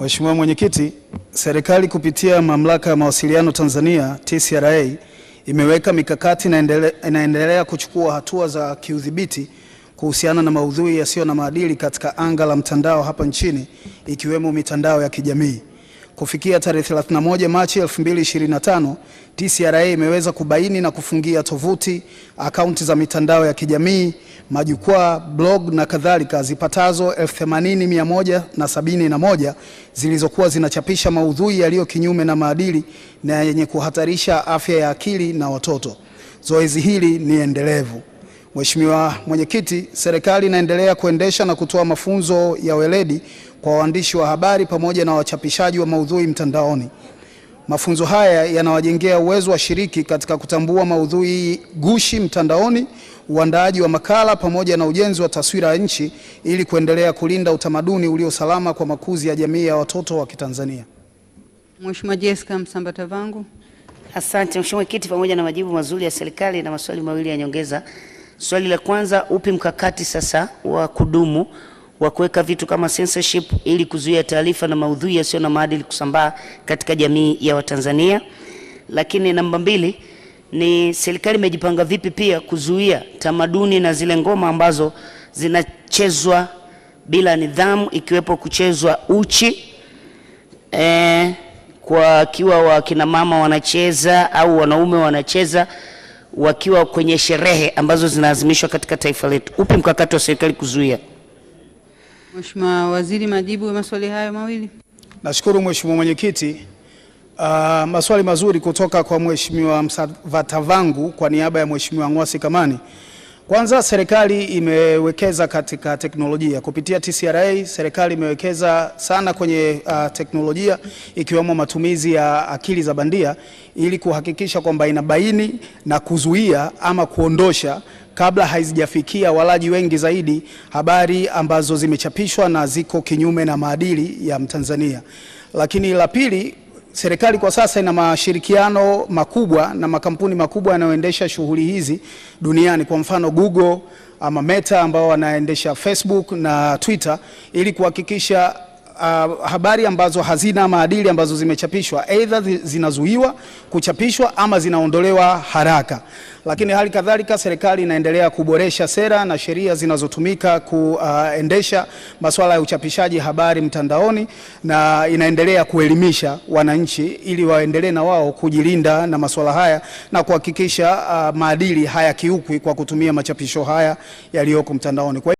Mheshimiwa Mwenyekiti, serikali kupitia Mamlaka ya Mawasiliano Tanzania TCRA imeweka mikakati na inaendelea kuchukua hatua za kiudhibiti kuhusiana na maudhui yasiyo na maadili katika anga la mtandao hapa nchini ikiwemo mitandao ya kijamii. Kufikia tarehe 31 Machi 2025, TCRA imeweza kubaini na kufungia tovuti, akaunti za mitandao ya kijamii majukwaa, blog na kadhalika zipatazo 80171 zilizokuwa zinachapisha maudhui yaliyo kinyume na maadili na yenye kuhatarisha afya ya akili na watoto. Zoezi hili ni endelevu. Mheshimiwa Mwenyekiti, serikali inaendelea kuendesha na kutoa mafunzo ya weledi kwa waandishi wa habari pamoja na wachapishaji wa maudhui mtandaoni. Mafunzo haya yanawajengea uwezo wa shiriki katika kutambua maudhui gushi mtandaoni, uandaaji wa makala pamoja na ujenzi wa taswira ya nchi ili kuendelea kulinda utamaduni uliosalama kwa makuzi ya jamii ya watoto wa Kitanzania. Mheshimiwa Jessica Msambata Asante Mheshimiwa Kiti, pamoja na majibu mazuri ya serikali na maswali mawili ya nyongeza. Swali la kwanza, upi mkakati sasa wa kudumu wa kuweka vitu kama censorship ili kuzuia taarifa na maudhui yasiyo na maadili kusambaa katika jamii ya Watanzania. Lakini namba mbili ni serikali imejipanga vipi pia kuzuia tamaduni na zile ngoma ambazo zinachezwa bila nidhamu, ikiwepo kuchezwa uchi e, kwa kiwa wakina mama wanacheza au wanaume wanacheza wakiwa kwenye sherehe ambazo zinaazimishwa katika taifa letu. Upi mkakati wa serikali kuzuia? Mheshimiwa Waziri, majibu ya maswali hayo mawili. Nashukuru Mheshimiwa Mwenyekiti. Uh, maswali mazuri kutoka kwa Mheshimiwa Msavatavangu kwa niaba ya Mheshimiwa Ngwasi Kamani. Kwanza serikali imewekeza katika teknolojia kupitia TCRA. Serikali imewekeza sana kwenye uh, teknolojia ikiwemo matumizi ya akili za bandia ili kuhakikisha kwamba inabaini na kuzuia ama kuondosha kabla haizijafikia walaji wengi zaidi habari ambazo zimechapishwa na ziko kinyume na maadili ya Mtanzania. Lakini la pili Serikali kwa sasa ina mashirikiano makubwa na makampuni makubwa yanayoendesha shughuli hizi duniani, kwa mfano Google ama Meta ambao wanaendesha Facebook na Twitter ili kuhakikisha uh, habari ambazo hazina maadili ambazo zimechapishwa aidha zinazuiwa kuchapishwa ama zinaondolewa haraka. Lakini hali kadhalika, serikali inaendelea kuboresha sera na sheria zinazotumika kuendesha masuala ya uchapishaji habari mtandaoni na inaendelea kuelimisha wananchi ili waendelee na wao kujilinda na masuala haya na kuhakikisha uh, maadili hayakiukwi kwa kutumia machapisho haya yaliyoko mtandaoni kwa